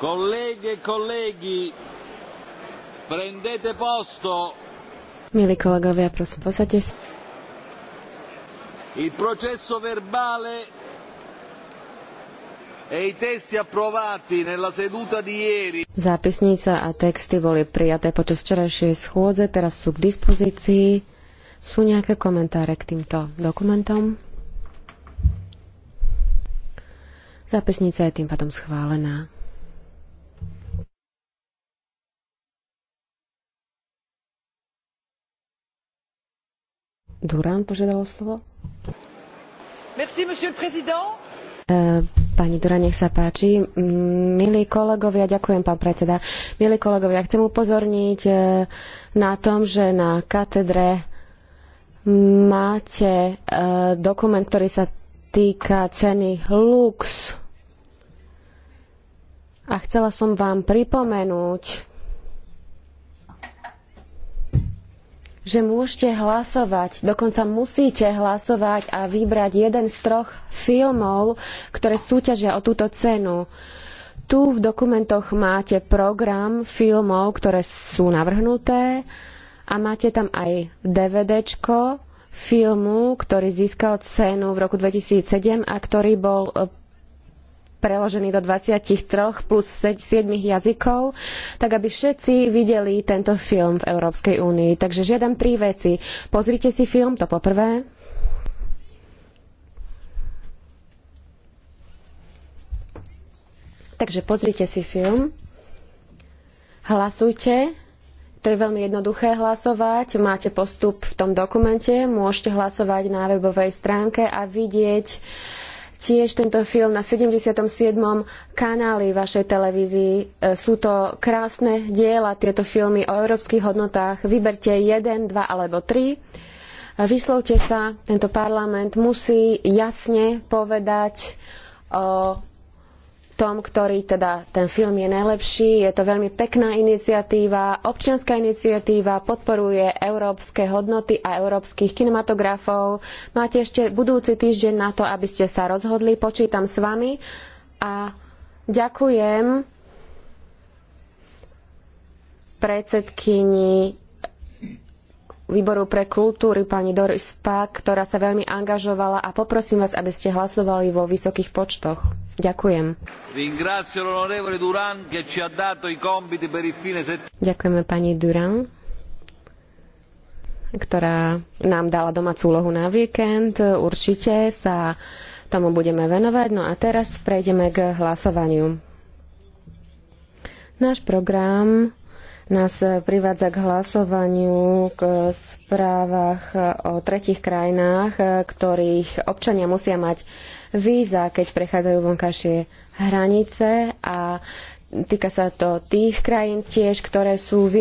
Kolleghe e colleghi, prendete posto. Milí kolegovia, prosím, posaďte sa. Il processo verbale e i testi approvati nella seduta di ieri. Zápisnica a texty boli prijaté počas včerajšej schôdze, teraz sú k dispozícii. Sú nejaké komentáre k týmto dokumentom? Zápisnica je tým pádom schválená. Durán požiadala slovo. Merci, monsieur le président. E, pani Dura, nech sa páči. Milí kolegovia, ďakujem pán predseda. Milí kolegovia, chcem upozorniť e, na tom, že na katedre máte e, dokument, ktorý sa týka ceny Lux. A chcela som vám pripomenúť, že môžete hlasovať, dokonca musíte hlasovať a vybrať jeden z troch filmov, ktoré súťažia o túto cenu. Tu v dokumentoch máte program filmov, ktoré sú navrhnuté a máte tam aj DVDčko filmu, ktorý získal cenu v roku 2007 a ktorý bol e, preložený do 23 plus 7 jazykov, tak aby všetci videli tento film v Európskej únii. Takže žiadam tri veci. Pozrite si film, to poprvé. Takže pozrite si film. Hlasujte. To je veľmi jednoduché hlasovať. Máte postup v tom dokumente. Môžete hlasovať na webovej stránke a vidieť tiež tento film na 77. kanáli vašej televízii. E, sú to krásne diela, tieto filmy o európskych hodnotách. Vyberte jeden, dva alebo tri. Vyslovte sa, tento parlament musí jasne povedať o tom, ktorý teda ten film je najlepší. Je to veľmi pekná iniciatíva, občianská iniciatíva, podporuje európske hodnoty a európskych kinematografov. Máte ešte budúci týždeň na to, aby ste sa rozhodli. Počítam s vami a ďakujem predsedkyni výboru pre kultúry, pani Doris Pak, ktorá sa veľmi angažovala a poprosím vás, aby ste hlasovali vo vysokých počtoch. Ďakujem. Ďakujeme pani Duran ktorá nám dala domácu úlohu na víkend. Určite sa tomu budeme venovať. No a teraz prejdeme k hlasovaniu. Náš program nás privádza k hlasovaniu k správach o tretich krajinách, ktorých občania musia mať víza, keď prechádzajú vonkajšie hranice a týka sa to tých krajín tiež, ktoré sú vyňaté